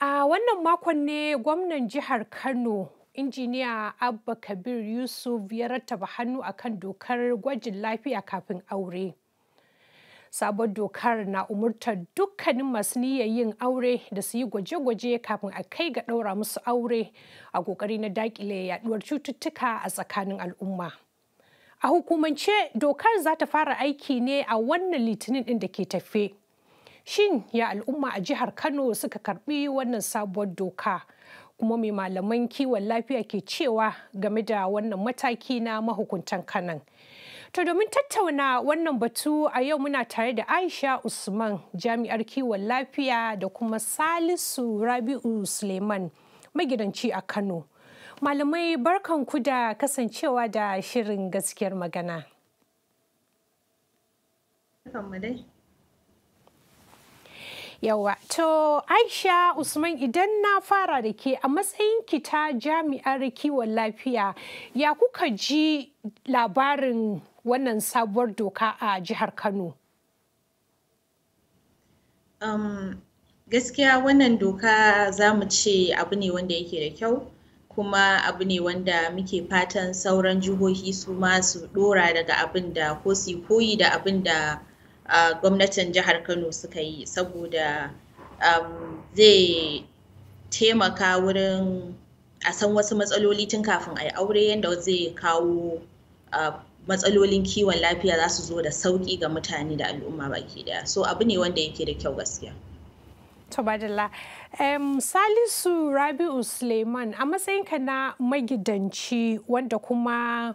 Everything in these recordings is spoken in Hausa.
A wannan makon ne gwamnan jihar Kano injiniya Abba Kabir Yusuf ya rattaba hannu akan dokar gwajin lafiya kafin aure. Sabon dokar na umurtar dukkanin masu niyyar yin aure da su yi gwaje-gwaje kafin a kai ga ɗaura musu aure a ƙoƙari na daƙile yaɗuwar cututtuka a tsakanin al'umma. A hukumance dokar za ta fara aiki ne a wannan litinin ɗin da ke tafe. Shin ya al'umma a jihar Kano suka karbi wannan sabuwar doka? Kuma mai malaman kiwon lafiya ke cewa game da wannan mataki na mahukuntan Kanan. To domin tattauna wannan batu a yau muna tare da Aisha Usman jami'ar kiwon lafiya da kuma Salisu Rabi'u Suleiman magidanci a Kano. Malamai barkan ku da kasancewa da shirin gaskiyar magana. yawa to aisha usman idan na fara da ke a matsayin ki ta jami'ar kiwon lafiya ya kuka ji labarin wannan sabuwar doka a jihar kano um, gaskiya wannan doka za mu ce abu ne wanda yake da kyau kuma abu ne wanda muke fatan sauran jihohi su ma su dora daga abin da ko su koyi da abin da gwamnatin jihar kano suka yi saboda um, zai taimaka wurin a san wasu matsaloli tun kafin a yi aure yadda zai kawo matsalolin kiwon lafiya za su zo da sauƙi ga mutane da al'umma baki daya so abu ne wanda yake da kyau gaskiya Tabadala. Salisu Rabi'u Suleiman a matsayinka na magidanci wanda kuma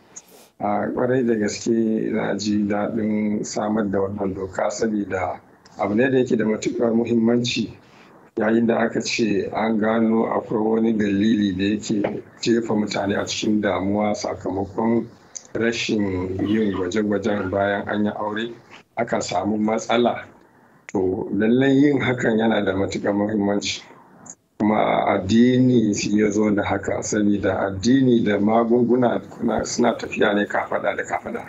a kwarai da gaske na ji daɗin samar da wannan doka saboda abu ne da yake da matuƙar muhimmanci yayin da aka ce an gano akwai wani dalili da yake jefa mutane a cikin damuwa sakamakon rashin yin gwaje-gwajen bayan an yi aure aka samu matsala to lallai yin hakan yana da matuƙar muhimmanci kuma addini shi ya zo da haka sani da addini da magunguna suna tafiya ne kafada da kafada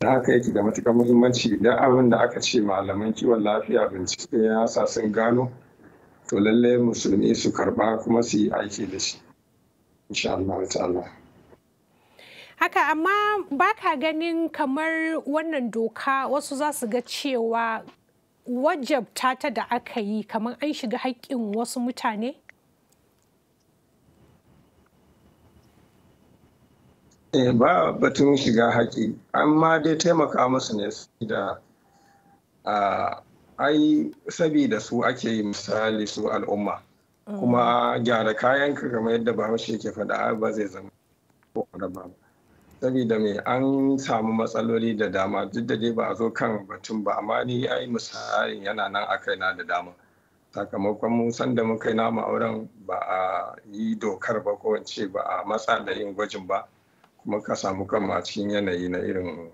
da haka yake da matukar muhimmanci idan abin da aka ce malaman kiwon lafiya bincike ya sa sun gano to lallai musulmi su karba kuma su yi aiki da shi insha haka amma baka ganin kamar wannan doka wasu za su ga cewa wajabta ta da aka yi kamar an shiga haƙƙin wasu mutane Eh, ba batun shiga haƙi amma dai taimaka musu ne da ai sabida su ake yi misali su al'umma kuma gyara kayan ka kamar yadda shi ke faɗa ba zai zama ko ba sabida mai an samu matsaloli da dama duk da dai ba a zo kan batun ba amma ni ai misali yana nan a kai na da dama sakamakon mun san da muka yi namu auren ba a yi dokar ba ko ba a matsa da yin gwajin ba kuma ka samu kanmu a cikin yanayi na irin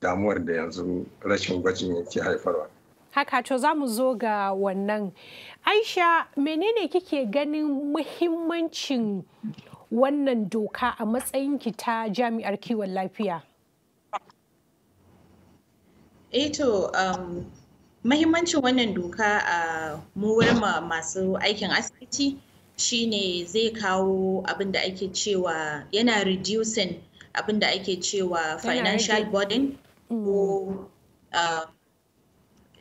damuwar da yanzu rashin gwajin yake haifarwa. haka to za mu zo ga wannan aisha menene kike ganin muhimmancin wannan doka a matsayin ki ta jami'ar kiwon lafiya eto eh um, mahimmancin wannan doka a uh, mu wurin masu aikin asibiti shine zai kawo abin da ake cewa yana reducing abin da ake cewa financial burden mm. ko ah,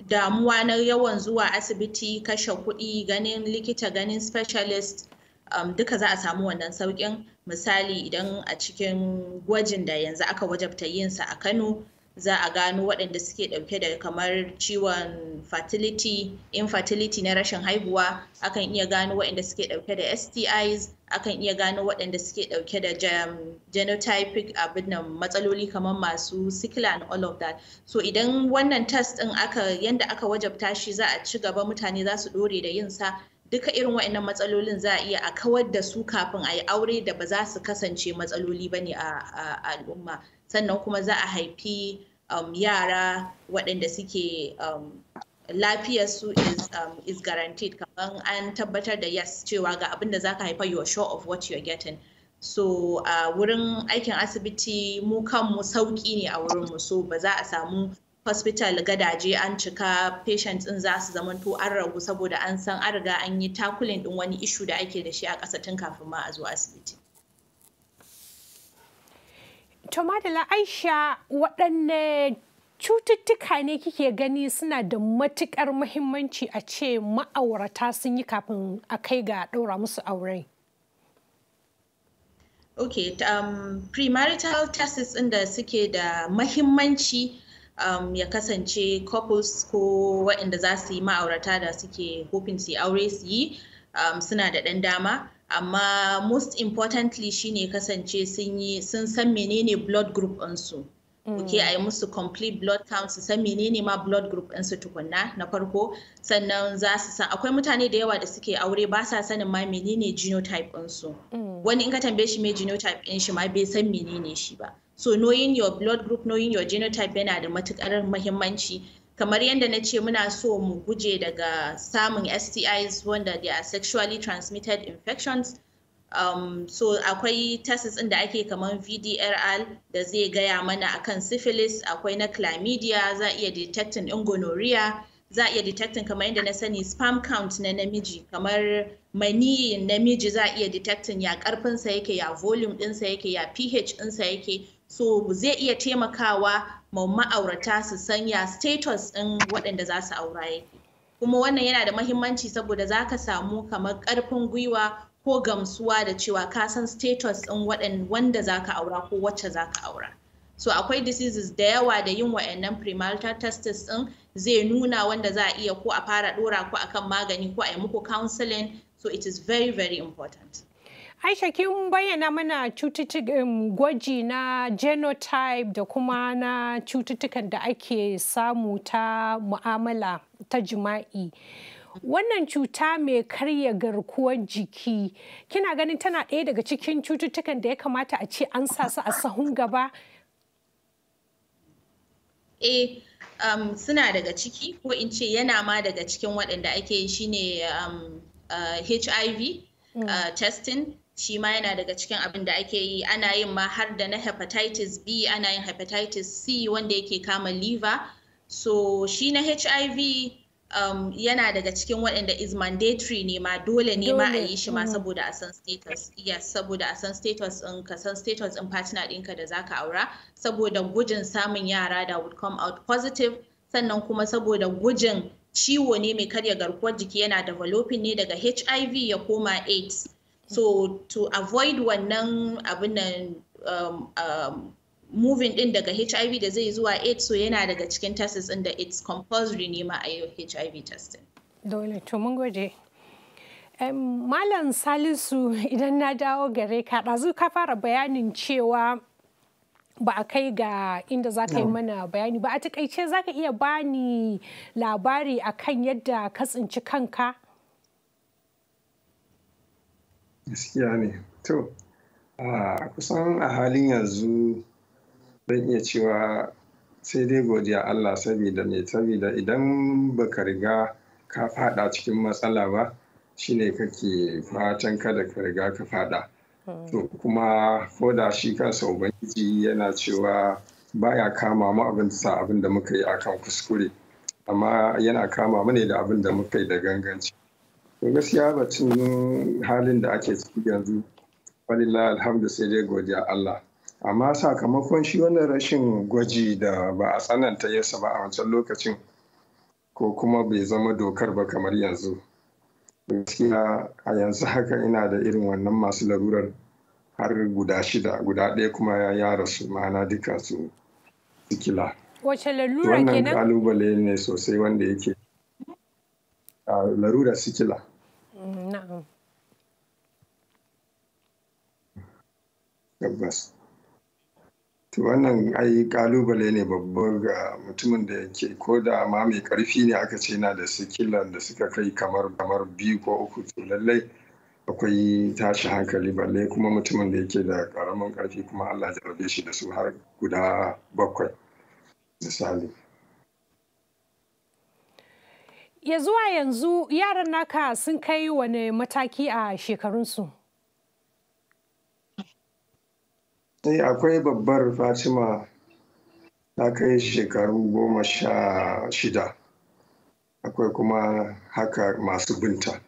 damuwa na yawan zuwa asibiti kashe kuɗi ganin likita ganin specialist um, duka za a samu wannan sauƙin misali idan a cikin gwajin da yanzu aka wajabta yinsa a kano za a gano waɗanda suke ɗauke da kamar ciwon fertility infertility na rashin haihuwa akan iya gano waɗanda suke ɗauke da stis akan iya gano waɗanda suke ɗauke da genotypic abin matsaloli kamar masu sickle and all of that so idan wannan test ɗin aka yanda aka wajabta shi za a ci gaba mutane za su ɗore da yin sa duka irin waɗannan matsalolin za a iya a kawar da su kafin a yi aure da ba za su kasance matsaloli ba ne a al'umma sannan kuma za a haifi um, yara waɗanda suke um, lafiyarsu is, um, is guaranteed kamar an tabbatar da yes cewa ga abinda da za ka haifa you are of what you are getting so a wurin aikin asibiti mu kanmu sauƙi ne a wurinmu so ba za a samu hospital gadaje an cika patients din za su zamanto an ragu saboda an san an riga an yi takulin din wani issue da ake da shi a ƙasa tun kafin ma a zo asibiti. To Madala Aisha waɗanne cututtuka ne kike gani suna da matukar muhimmanci a ce ma'aurata sun yi kafin a kai ga ɗaura musu aure. Okay, um, premarital tests ɗin da suke da mahimmanci um, ya kasance couples ko waɗanda za su yi ma'aurata da suke hoping su aure su yi um, suna da ɗan dama amma most importantly shine kasance sun yi sun san menene blood group ɗinsu mm. ok a yi musu complete blood count su san menene ma blood group ɗinsu tukunna na farko sannan za su san akwai mutane da yawa da suke aure ba sa sanin ma menene genotype ɗinsu mm. wani in ka tambaye shi mai genotype ɗin shi ma bai san menene shi ba so knowing your blood group knowing your genotype yana da matukar mahimmanci kamar yadda na ce muna so mu guje daga samun stis wanda they are sexually transmitted infections um, so akwai tests ɗin da ake kamar vdrl da zai gaya mana akan syphilis akwai na chlamydia za a iya detecting ɗin gonorrhea za a iya detecting kamar yadda na sani spam count na namiji kamar maniyin namiji za a iya detecting ya karfinsa yake ya volume ɗinsa yake ya ph ɗinsa yake so zai iya taimakawa ma ma'aurata su sanya status ɗin waɗanda za su aura yake kuma wannan yana da mahimmanci saboda za ka samu kamar ƙarfin gwiwa ko gamsuwa da cewa ka san status ɗin wanda za ka aura ko wacce za ka aura so akwai diseases da yawa da yin wa'annan premarital testes ɗin zai nuna wanda za a iya ko a fara ɗora ko akan magani ko a yi muku counseling so it is very very important Aisha kin bayyana mana cututtukan um, gwaji na genotype da kuma na cututtukan da ake samu ta mu'amala ta jima'i. Wannan cuta mai karya garkuwar jiki kina ganin tana ɗaya daga cikin cututtukan da ya kamata a ce an sa su a sahun gaba? e um, suna daga ciki ko in ce yana ma daga cikin waɗanda ake shine um, HIV Uh, uh mm. testing shi ma yana daga cikin abin da ake yi ana yin ma har da na hepatitis b ana yin hepatitis c wanda yake kama liver so shi na hiv um, yana daga cikin waɗanda is mandatory ne ma dole ne ma a yi shi ma mm. saboda a san status yes saboda a san status in ka san status in partner ɗinka da zaka aura saboda gujin samun yara da would come out positive sannan kuma saboda gujin ciwo ne mai karya garkuwar jiki yana developing ne daga hiv ya koma aids so to avoid wannan abin nan um, um, moving din daga HIV da zai zuwa AIDS so yana daga cikin tests din da it's compulsory ne ma a HIV testing. Dole, to mun gode. Malam Salisu idan na dawo gare ka ɗazu ka fara bayanin cewa ba a kai ga inda za ka yi mana bayani ba a takaice za ka iya bani labari akan yadda ka tsinci kanka gaskiya ne to a kusan a halin yanzu zan iya cewa sai dai godiya Allah saboda ne saboda idan baka riga ka fada cikin matsala ba shine kake fatan kada ka riga ka fada to hmm. kuma ko da shi kansa ubangiji yana cewa baya kama mu abin sa abin da muka yi akan kuskure amma yana kama mu ne da abin da muka yi da ganganci to eh, gaskiya batun halin da ake ciki yanzu walillah alhamdu sai dai godiya Allah amma sakamakon shi wannan rashin gwaji da ba a tsananta yasa ba a wancan lokacin ko kuma bai zama dokar ba kamar yanzu gaskiya a yanzu haka ina da irin wannan masu larurar har guda shida guda ɗaya kuma ya rasu ma'ana duka su sikila wannan kalubale ne sosai wanda yake larura sikila نعم tabbas to wannan ai kalubale ne babban ga mutumin da yake ko da ma mai karfi ne aka ce na da sikilan da suka kai kamar kamar biyu ko uku to lallai akwai tashi hankali balle kuma mutumin da yake da karamin karfi kuma allah jarabe shi da su har guda bakwai misali ya zuwa yanzu yaran naka sun kai wane mataki a shekarunsu sai eh, akwai babbar fatima ta kai shekaru goma sha shida akwai kuma haka masu binta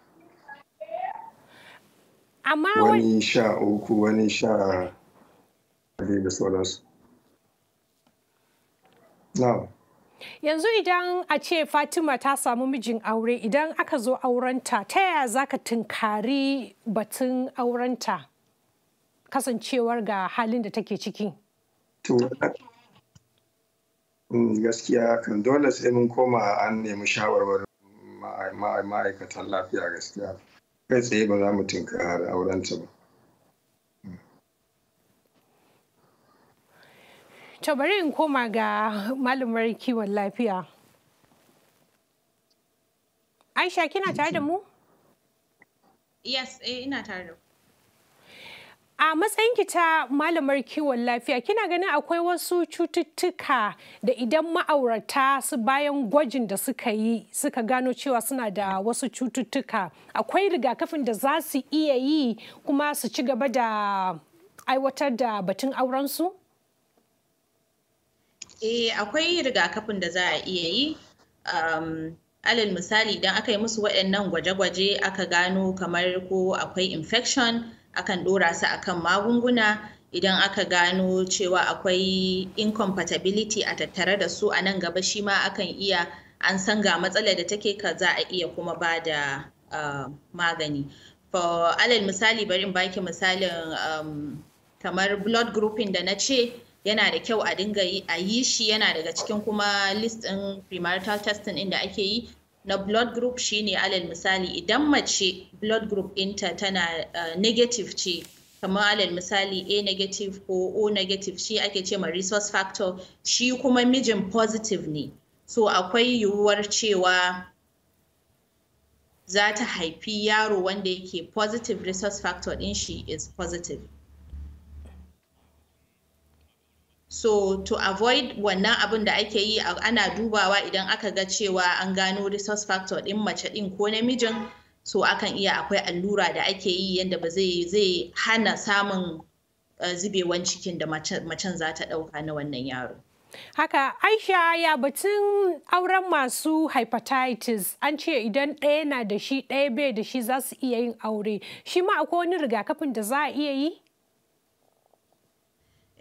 wani sha uku wani sha da sauransu yanzu idan a ce fatima ta samu mijin aure idan aka zo aurenta ta yaya za ka tunkari batun aurenta kasancewar ga halin da take ciki mm, gaskiya kan dole sai mun koma an nemi shawarwar ma'aikatan lafiya gaskiya kai tsaye ba za mu tunkari aurenta ba To bari in koma ga malamar kiwon lafiya. Aisha kina tare da mu? Yes, eh, ina tare da A matsayinki ta malamar kiwon lafiya, kina ganin akwai wasu cututtuka da idan ma'aurata su bayan gwajin da suka yi suka gano cewa suna da wasu cututtuka. Akwai rigakafin da za su iya yi kuma su ci gaba da aiwatar da batun aurensu? Eh akwai rigakafin da za a iya yi. Um, alal misali idan aka yi musu waɗannan gwaje-gwaje aka gano kamar ko akwai infection akan ɗora su akan magunguna idan aka gano cewa akwai incompatibility a tattare da su a nan gaba shi ma akan iya an san ga matsalar da take ka za a iya kuma ba da uh, magani. For alal misali bari in baki misalin kamar blood grouping da na ce yana da kyau a dinga a yi shi yana daga cikin kuma list ɗin premarital testing inda ake yi na blood group shine alal misali idan mace blood group inta tana uh, negative ce kamar alal misali a negative ko o negative shi ake ce ma resource factor shi kuma mijin positive ne so akwai yiwuwar cewa za ta haifi yaro wanda yake positive resource factor din shi is positive so to avoid wannan abin da ake yi ana dubawa idan aka ga cewa an gano resource factor din mace din ko namijin so akan iya akwai allura da ake yi yadda ba zai hana samun eh, zubewan cikin da macen za ta ɗauka na wannan yaro Haka Aisha ya batun auren masu hepatitis an ce idan ɗaya na da shi ɗaya bai da shi za su iya yin aure shi ma akwai wani rigakafin da za a iya yi?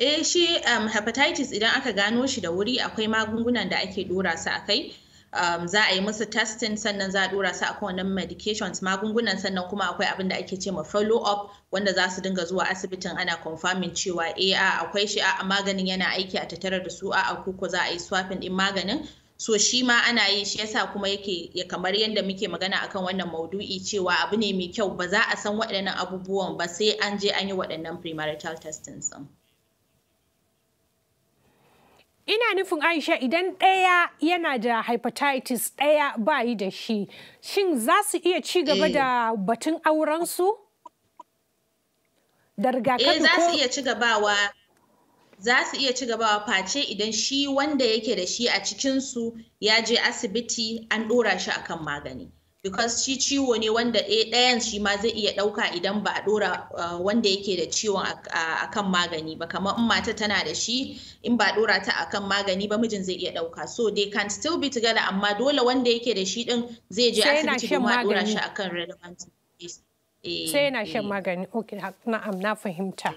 eh shi um, hepatitis idan aka gano shi da wuri akwai magungunan da ake dora su a kai um, za a yi musu testing sannan za a dora su akan wannan medications magungunan sannan kuma akwai abin da ake ce ma follow up wanda za su dinga zuwa asibitin ana confirming cewa eh, a akwai shi a maganin yana aiki a tattare da su a ko za a yi swapping din maganin so shi ma ana yi shi yasa kuma yake ya kamar yadda muke magana akan wannan maudu'i cewa abu ne mai kyau ba za a san waɗannan abubuwan ba sai an je an yi waɗannan premarital testing din. ina nufin aisha idan ɗaya yana da hepatitis ɗaya ba yi da shi shin za su iya ci gaba da eh. batun aurensu eh, su iya ci za su iya ci gabawa face idan shi wanda yake da shi a cikinsu ya je asibiti an ɗora shi akan magani because shi ciwo ne wanda eh, ɗayan shi ma zai iya ɗauka idan ba a ɗora eh, wanda yake da ciwon a kan magani ba kamar in mata tana da shi in ba ɗora ta a kan magani ba mijin zai iya ɗauka so they can still be together amma dole wanda yake da shi ɗin zai je asibiti kuma a ɗora shi a kan relevant eh, sai yana shan magani ok na'am na fahimta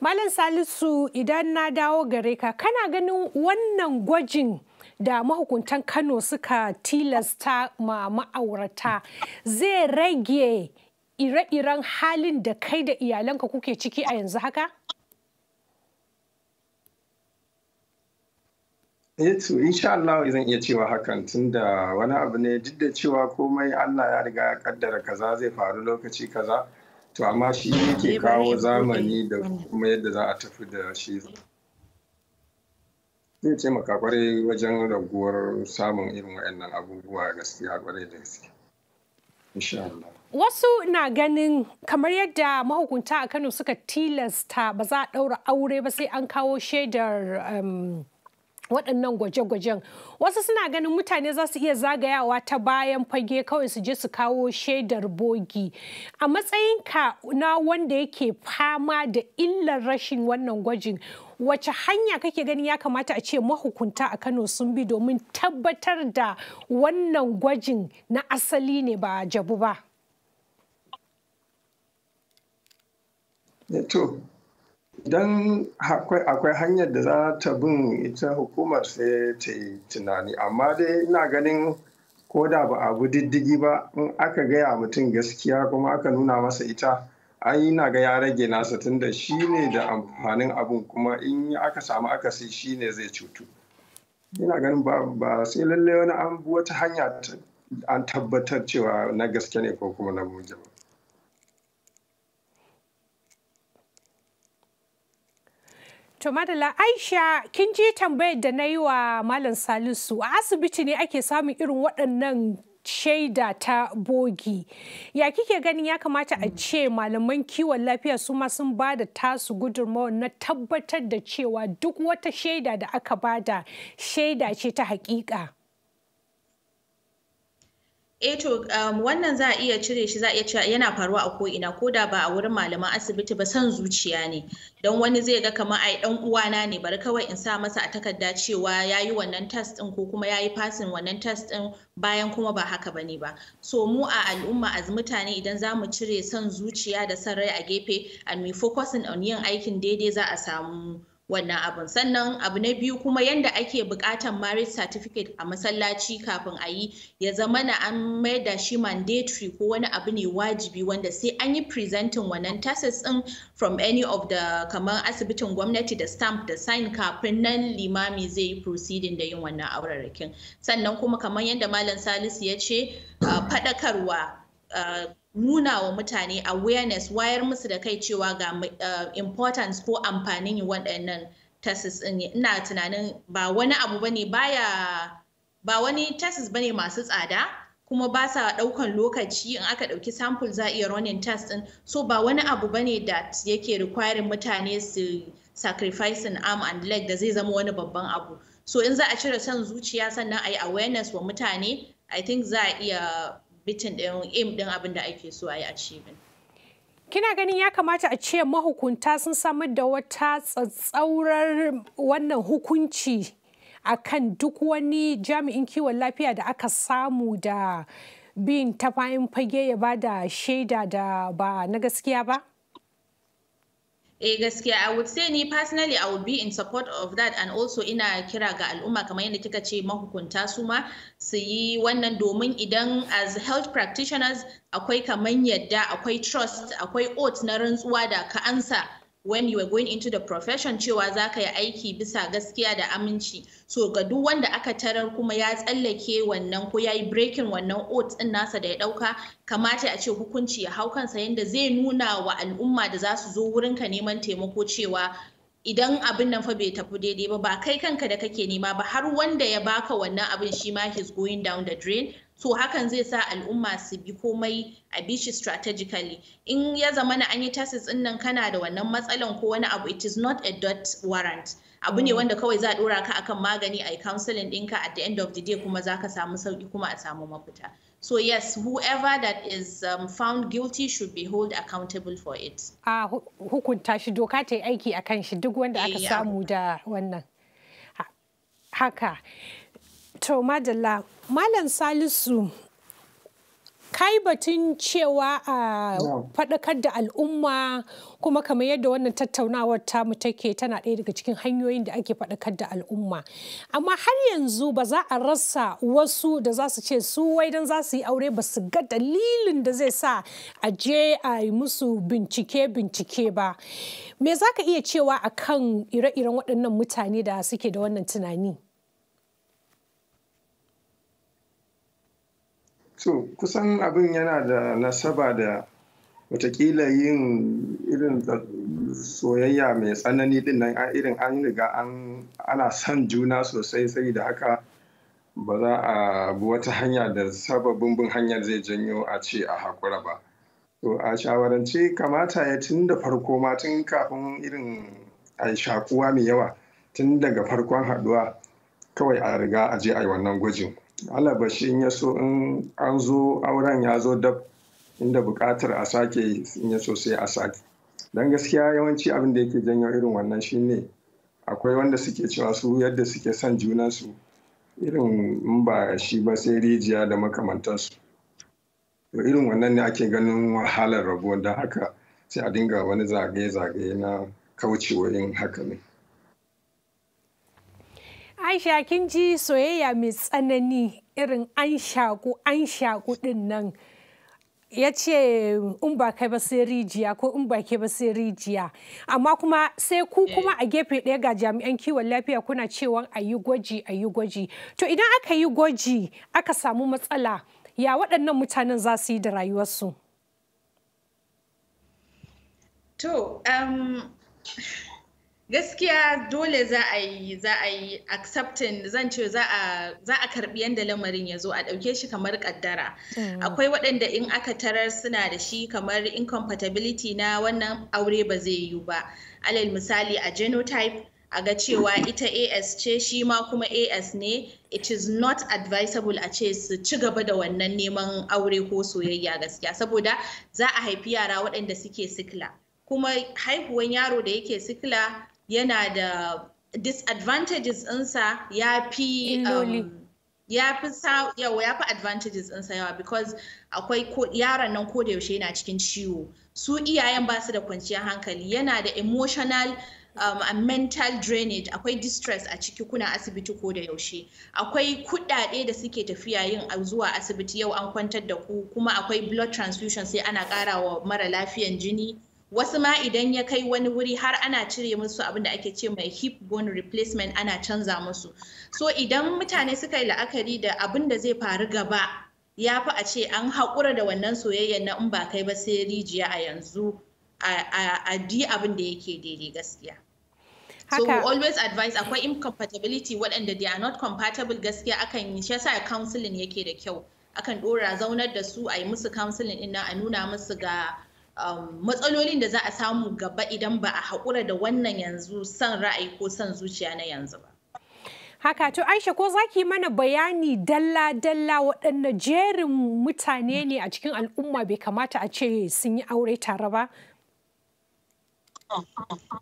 malam salisu idan na dawo gare ka kana ganin wannan gwajin da mahukuntan Kano suka tilasta ma ma'aurata zai rage ire-iren halin da kai da iyalanka kuke ciki a yanzu haka? Eh to insha Allah zan iya cewa hakan tunda wani abu ne duk da cewa komai Allah ya riga ya kaddara kaza zai faru lokaci kaza to amma shi yake kawo zamani da kuma yadda za a tafi da shi zai taimaka kwarai wajen raguwar samun irin waɗannan abubuwa gaskiya kwarai da gaske Wasu na ganin kamar yadda mahukunta a Kano suka tilasta ba za a ɗaura aure ba sai an kawo shaidar um, waɗannan gwaje-gwajen wasu suna ganin mutane za su iya zagayawa ta bayan fage kawai su je su kawo shaidar bogi a matsayinka na wanda yake fama da illar rashin wannan gwajin wace hanya kake gani ya kamata a ce mahukunta a kano sun bi domin tabbatar da wannan gwajin na asali ne ba jabu ba eh, idan akwai hanyar da za ta bin ita hukumar sai ta yi tunani amma dai ina ganin ko da ba abu diddigi ba in aka gaya mutum gaskiya kuma aka nuna masa ita ai na ga ya rage nasa tunda shi ne da amfanin abun kuma in aka samu akasi shi ne zai cutu ina ganin ba sai lalle wani an wata hanya an tabbatar cewa na gaske ne ko kuma na ba. To Madala Aisha kin ji tambayar da na yi wa Malam Salisu a asibiti ne ake samun irin waɗannan shaida ta bogi ya kike ganin ya kamata a ce malaman kiwon lafiya su ma sun ba da tasu gudunmawar na tabbatar da cewa duk wata shaida da aka bada shaida ce ta haƙiƙa. eh to um, wannan za a iya cire shi za a iya cewa yana faruwa a ko'ina ko da ba a wurin malaman asibiti ba son zuciya ne don wani zai ga kamar ai dan uwana ne bari kawai in sa masa a takarda cewa yayi wannan test din ko kuma yayi fasin wannan test din bayan kuma ba haka bane ba so mu a al'umma as mutane idan za mu cire son zuciya da son rai a gefe and we focusing on yin aikin daidai za a samu wannan abun sannan abu na biyu kuma yanda ake buƙatar marriage certificate a masallaci kafin a yi ya zama na an mayar da shi mandatory ko wani abu ne wajibi wanda sai an yi presenting wannan tasis din from any of the kamar asibitin gwamnati da stamp da sign kafin nan limami zai yi proceeding da yin wannan aurarrakin sannan kuma kamar yadda malam salisu ya ce faɗakarwa nuna wa mutane awareness wayar musu da kai cewa ga importance ko amfanin waɗannan tests ɗin ina tunanin ba wani abu bane baya ba wani tests bane masu tsada kuma ba sa ɗaukan lokaci in aka ɗauki sample za iya running test ɗin so ba wani abu bane da yake requiring mutane su sacrifice arm and leg da zai zama wani babban abu so in za a cire son zuciya sannan a yi awareness wa mutane i think za a iya bitin ɗin aim ɗin abin da ake so a yi achieving. Kina ganin ya kamata a ce mahukunta sun samar da wata tsatsaurar wannan hukunci a kan duk wani jami'in kiwon lafiya da aka samu da bin ta fage ya ba da shaida da ba na gaskiya ba? Eh gaskiya I would say ni personally I would be in support of that and also ina kira ga al'umma kamar yadda kika ce mahukunta su ma su yi wannan domin idan as health practitioners akwai kamar yadda akwai trust akwai oath na rantsuwa da ka ansa when you are going into the profession cewa za ka yi aiki bisa gaskiya da aminci so ga duk wanda aka tarar kuma ya tsallake wannan ko ya yi breaking wannan oath din nasa da ya dauka kamata a ce hukunci ya hau kansa yadda zai nuna wa al'umma da za su zo wurinka neman taimako cewa idan abin nan fa bai tafi daidai ba ba kai kanka da kake nema ba har wanda ya baka wannan abin shi ma his going down the drain to hakan zai sa al'umma su bi komai a bi shi strategically in ya zama na an yi tasis din nan kana da wannan matsalan ko wani abu it is not a dot warrant abu ne mm. wanda kawai za a dora ka akan magani a counseling ɗinka at the end of the day kuma za ka samu sauki kuma a samu mafita so yes whoever that is um, found guilty should be held accountable for it hukunta shi doka ta yi aiki akan shi duk wanda aka eh, samu da wannan haka To madalla Malam Salisu kai batun cewa a faɗakar da al'umma kuma kamar yadda wannan tattaunawar tamu take tana ɗaya daga cikin hanyoyin da ake faɗakar da al'umma amma har yanzu ba za a rasa wasu da za su ce su wai don za su yi aure ba su ga dalilin da zai sa a je a yi musu bincike bincike ba me za ka iya cewa akan ire-iren waɗannan mutane da suke da wannan tunani To kusan abin yana da nasaba da watakila yin irin soyayya mai tsanani din nan irin an riga ana son juna sosai sai da haka ba za a bi wata hanya da sababin bin hanyar zai janyo a ce a haƙura ba. To a shawarance kamata ya tun da farko ma tun kafin irin a shakuwa mai yawa tun daga farkon haɗuwa kawai a riga a je a yi wannan gwajin. alabashi in ya so in an zo auren ya zo dab inda bukatar a sake in ya so sai a sake don gaskiya yawanci abin da yake janyo irin wannan shine akwai wanda suke cewa su yadda suke son junansu irin in ba shi ba sai rijiya da makamantansu to irin wannan ne ake ganin wahalar rabuwa da haka sai a dinga wani zagaye-zagaye na kaucewa yin haka ne. Aisha kin ji soyayya mai tsanani irin an shaku an shaku din nan ya ce in ba kai ba sai rijiya ko in ba ke ba sai rijiya amma kuma sai ku eh. kuma a gefe ɗaya ga jami'an kiwon lafiya kuna cewa a yi gwaji a yi gwaji to idan aka yi gwaji aka samu matsala ya waɗannan mutanen za su yi da rayuwarsu to um... gaskiya dole za a yi za a yi accepting zan ce za a karbi yanda lamarin ya zo a ɗauke shi kamar kaddara akwai waɗanda in aka tarar suna da shi kamar incompatibility na wannan aure ba zai yiwu ba alal misali a genotype a ga cewa ita as ce shi ma kuma as ne it is not advisable a ce su ci gaba da wannan neman aure ko soyayya gaskiya saboda za a haifi yara waɗanda suke sikila kuma haihuwan yaro da yake sikila yana da disadvantages ɗinsa ya fi um, ya fi yawa ya fi advantages ɗinsa yawa because akwai yaron nan ko da yaushe yana cikin ciwo su iyayen ba su da kwanciyar hankali yana da emotional um, a mental drainage akwai distress a ciki kuna asibiti ko da yaushe akwai kuɗaɗe da suke tafiya yin zuwa asibiti yau an kwantar da ku kuma akwai blood transfusion sai ana ƙara wa mara lafiyan jini wasu ma idan ya kai wani wuri har ana cire musu abin da ake ce mai hip bone replacement ana canza musu so idan mutane suka yi la'akari da abin da zai faru gaba ya fi a ce an haƙura da wannan soyayya na in ba kai ba sai rijiya a yanzu a di abin da yake daidai gaskiya So we always advise akwai incompatibility waɗanda they are not compatible gaskiya akan yi shi yasa counseling yake da kyau akan ɗora zaunar da su a yi musu counseling ɗin a nuna musu ga Um, matsalolin da za a samu gaba idan ba a haƙura da wannan yanzu son ra'ayi ko son zuciya na yanzu ba. Haka to Aisha ko za ki mana bayani dalla-dalla waɗanne jerin mutane ne a cikin al'umma bai kamata a ce sun yi aure tare ba?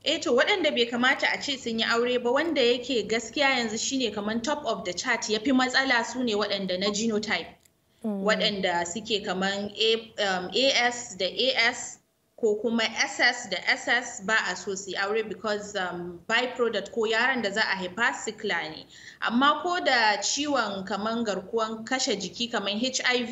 Eh to waɗanda bai kamata a ce sun yi aure ba wanda yake gaskiya yanzu shine kamar top of the chart ya fi matsala su ne waɗanda na genotype. Mm. waɗanda suke kaman as um, da as ko kuma ss da ss ba a so su aure because um, byproduct ko yaran da za a haifa sikla ne amma ko da ciwon kaman garkuwan kashe jiki kaman hiv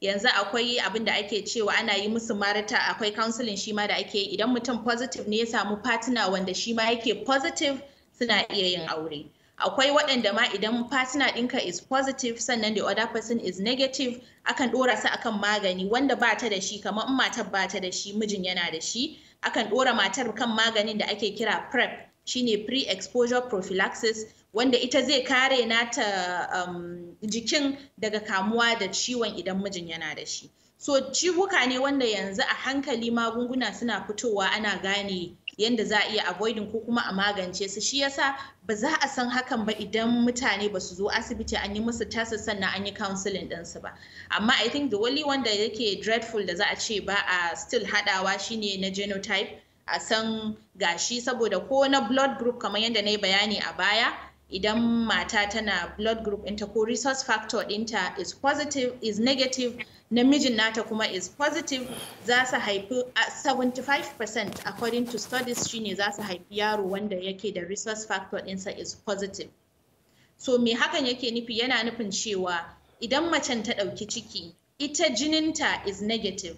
yanzu akwai abin da ake cewa ana yi musu marita akwai counseling shi ma da ake yi idan mutum positive ne ya samu partner wanda shi ma yake positive suna iya yin aure akwai waɗanda ma idan partner ɗinka is positive sannan the other person is negative akan ɗora su akan magani wanda ba ta da shi kamar in matar ba ta da shi mijin yana da shi akan ɗora matar kan maganin da ake kira prep shine pre-exposure prophylaxis wanda ita zai kare nata um, jikin daga kamuwa da ciwon idan mijin yana da shi so ciwuka ne wanda yanzu a hankali magunguna suna fitowa ana gane yanda za a iya avoiding ko kuma a magance su shi yasa ba za a san hakan ba idan mutane ba su zo asibiti an yi musu tasa sannan an yi counseling ɗinsu ba amma i think the only wanda yake dreadful da za a ce ba a still haɗawa shine na genotype a san gashi saboda ko na blood group kamar yadda na yi bayani a baya idan mata tana blood group ɗinta ko resource factor dinta is positive is negative namijin nata kuma is positive za su haifi 75% according to studies shine za su haifi yaro wanda yake da resource factor ɗinsa is positive so me hakan yake nufi yana nufin cewa idan macen ta ɗauki ciki ita jininta is negative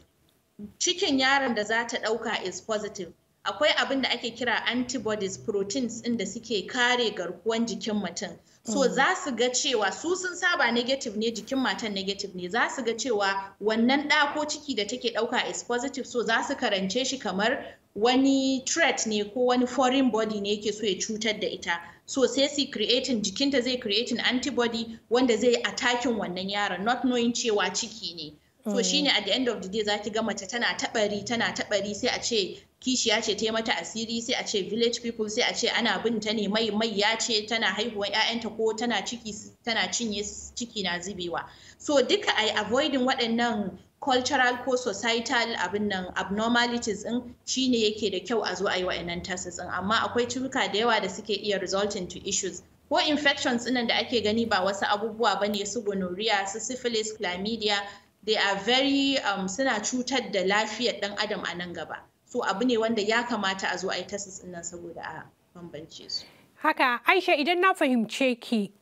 cikin yaron da za ta ɗauka is positive akwai abin da ake kira antibodies proteins ɗin da suke kare garkuwan jikin mutum so mm. za su ga cewa su sun saba negative ne jikin matan negative ne za su ga cewa wannan ɗa ko ciki da take ɗauka is positive so za su karance shi kamar wani threat ne ko wani foreign body ne yake so ya cutar da ita so sai su creating jikinta zai creating antibody wanda zai attacking wannan yaron not knowing cewa ciki ne so mm. shine at the end of the day zaki ga mace tana taɓari tana taɓari sai a ce kishiya ce ta mata asiri sai a ce village people sai a ce ana bin ta ne mai mai ya ce tana haihuwan ƴaƴanta ko tana ciki tana cinye ciki na zubewa so duka ai avoiding waɗannan cultural ko societal abin nan abnormalities din shine yake da kyau a zo a yi waɗannan tests din amma akwai cuka da yawa da suke iya resulting to issues ko infections ɗinnan da ake gani ba wasu abubuwa bane su gonorrhea su syphilis chlamydia they are very um, suna cutar da lafiyar ɗan adam a nan gaba so abu ne wanda ya kamata a zo a yi tasis nan saboda a bambance su haka aisha idan na fahimce ki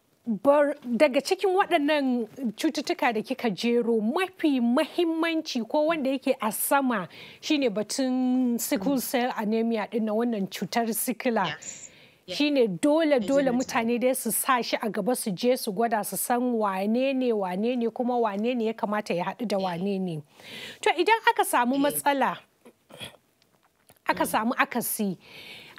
daga cikin waɗannan cututtuka da kika jero mafi mahimmanci ko wanda yake a sama shine batun sickle cell anemia ɗin na wannan cutar sikila shine dole dole mutane dai su sa shi a gaba su je su gwada su san wane ne wane ne kuma wane ne ya kamata ya haɗu da wane ne to idan aka samu eh. matsala aka samu akasi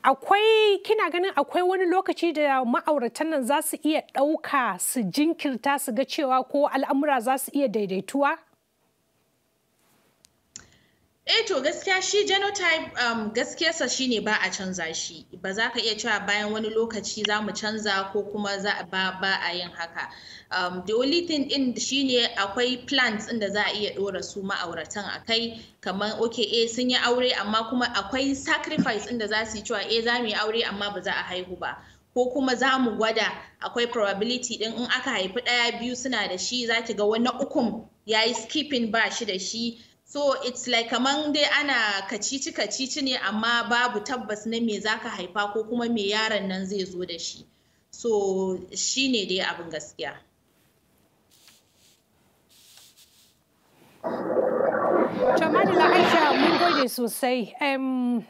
akwai kina ganin akwai wani lokaci da ma'auratan nan za su iya ɗauka su jinkirta su ga cewa ko al'amura za su iya daidaituwa eh to gaskiya shi genotype um, gaskiyarsa ne ba a canza shi ba za ka iya cewa bayan wani lokaci za mu canza ko kuma za ba ba a yin haka um, the only thing shi shine akwai plants inda za a iya dora su ma'auratan akai kamar ok eh sun yi aure amma kuma akwai sacrifice inda za su yi cewa eh za mu yi aure amma ba za a haihu ba ko kuma za mu gwada akwai probability din in aka haifi ɗaya biyu suna da shi za ki ga wani ukun ya yi skipping ba shi da shi so it's like kaman dai ana kacici kacici ne amma babu tabbas na me zaka haifa ko kuma me yaron nan zai zo da shi so shi ne dai abin gaskiya Jamalila Aisha mun gode sosai.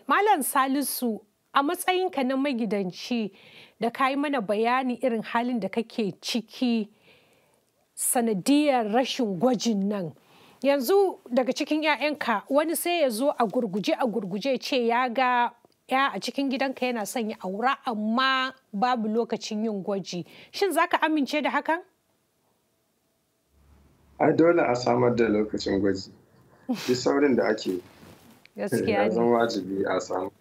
Malam Salisu a matsayinka na magidanci da ka yi mana bayani irin halin da kake ciki sanadiyar rashin gwajin nan yanzu daga cikin 'ya'yanka wani sai ya zo a gurguje a gurguje ce ya ga ya a cikin gidanka yana son ya aura amma babu lokacin yin gwaji shin za ka amince da hakan ai dole a samar da lokacin gwaji duk saurin da ake ya zama wajibi a samu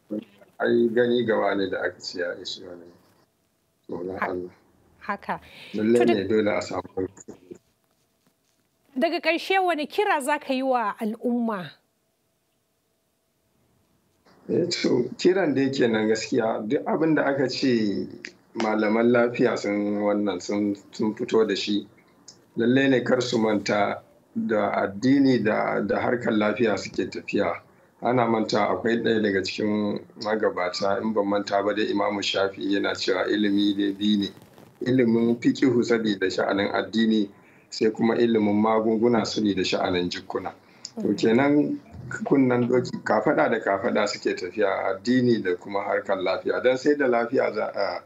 ai gani gawa ne da aka ce ya shi wani haka Allah ne dole a samu lokacin daga ƙarshe wani kira za ka yi wa al'umma eh, kiran da yake nan gaskiya duk abin da aka ce malaman lafiya sun wannan sun fito da shi lallai ne kar su manta da addini da harkar lafiya suke tafiya ana manta akwai ɗaya daga cikin magabata in ban manta ba da imamu shafi yana cewa ilimi da bi ne ilimin fikihu da sha'anin addini sai kuma ilimin magunguna su ne da sha'anin jikuna to mm. kenan kunnan doki kafada da kafada suke tafiya a addini da kuma harkar lafiya don sai da lafiya za a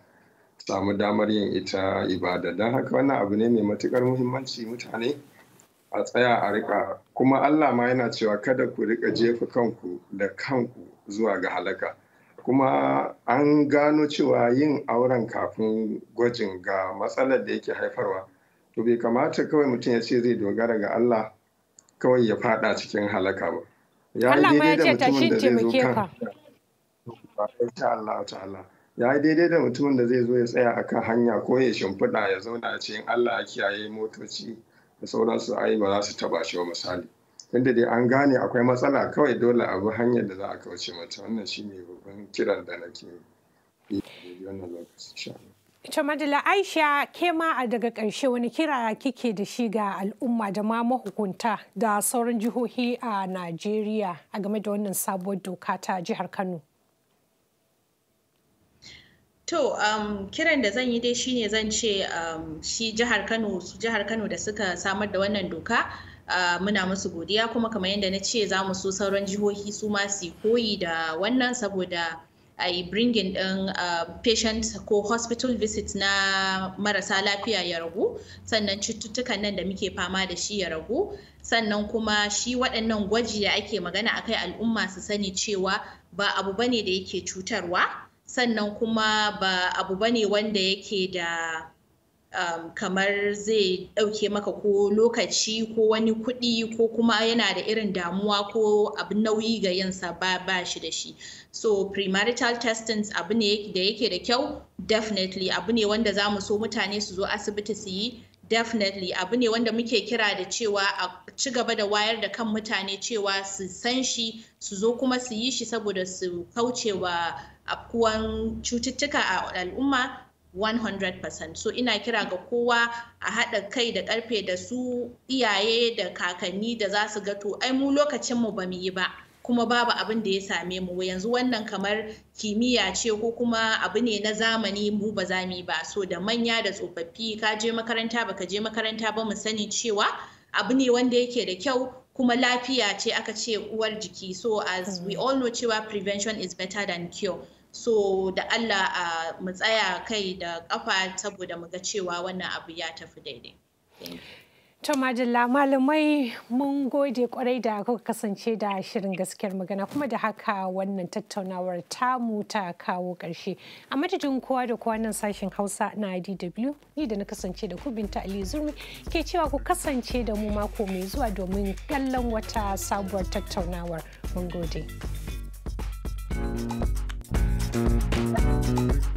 samu damar yin ita ibada don haka wannan abu ne mai matukar muhimmanci mutane a tsaya a rika kuma allah ma yana cewa kada ku rika jefa kanku da kanku zuwa ga halaka kuma an gano cewa yin auren kafin gwajin ga matsalar da yake haifarwa to bai kamata kawai mutum ya ce zai dogara ga Allah kawai ya fada cikin halaka ba ya yi daidai da mutumin da zai zo Allah ta'ala ya yi daidai da mutumin da zai zo ya tsaya akan hanya ko ya shimfiɗa ya zauna a cikin Allah ya kiyaye motoci da sauransu ai ba za su taba shi wa misali inda dai an gane akwai matsala kawai dole abu hanyar da za a kauce mata wannan shine babban kiran da nake yi wannan lokaci Ita madala Aisha ke ma a daga ƙarshe wani kira kike da shi ga al'umma da ma mahukunta da sauran jihohi a Najeriya a game da wannan sabuwar doka ta jihar Kano. To, um, kiran da zan yi dai shi ne zan ce um, shi jihar Kano, jihar Kano da suka samar da wannan doka. Uh, muna musu godiya kuma kamar yadda na ce za mu so sauran jihohi su ma su koyi da wannan saboda a yi bringing ɗin um, uh, patient ko hospital visit na marasa lafiya ya ragu sannan cututtukan nan da muke fama da shi ya ragu sannan kuma shi waɗannan gwaji da ake magana akai al'umma su sani cewa ba abu bane da yake cutarwa sannan kuma ba abu bane wanda yake da um, kamar zai ɗauke maka ko lokaci ko wani kuɗi ko kuma yana da irin damuwa ko abin nauyi ga yinsa ba ba shi da shi so premarital testing abu ne da yake da kyau definitely abu ne wanda za mu so mutane su zo asibiti su yi definitely abu ne wanda muke kira da cewa a ci gaba da wayar da kan mutane cewa su san shi su zo kuma su yi shi saboda su kaucewa afkuwan cututtuka a al'umma 100% so ina kira ga kowa a haɗa kai da ƙarfe da su iyaye da kakanni da za su gato ai mu lokacin mu ba mu yi ba kuma babu abin da ya same mu yanzu wannan kamar kimiyya ce ko kuma abu ne na zamani mu ba za mu yi ba so da manya da tsofaffi ka je makaranta ba ka je makaranta ba mu sani cewa abu ne wanda yake da kyau kuma lafiya ce aka ce uwar jiki so as we all know cewa prevention is better than cure so da allah a mu tsaya kai da kafa saboda muga cewa wannan abu ya tafi daidai To Majalla malamai mun gode kwarai da kuka kasance da shirin gaskiyar magana kuma da haka wannan tattaunawar tamu ta kawo ƙarshe. A madadin kowa da kowa nan sashen Hausa na DW ni da na kasance da ku Binta Ali Zurmi ke cewa ku kasance da mu mako mai zuwa domin kallon wata sabuwar tattaunawar. Mun gode. thank you Thank you.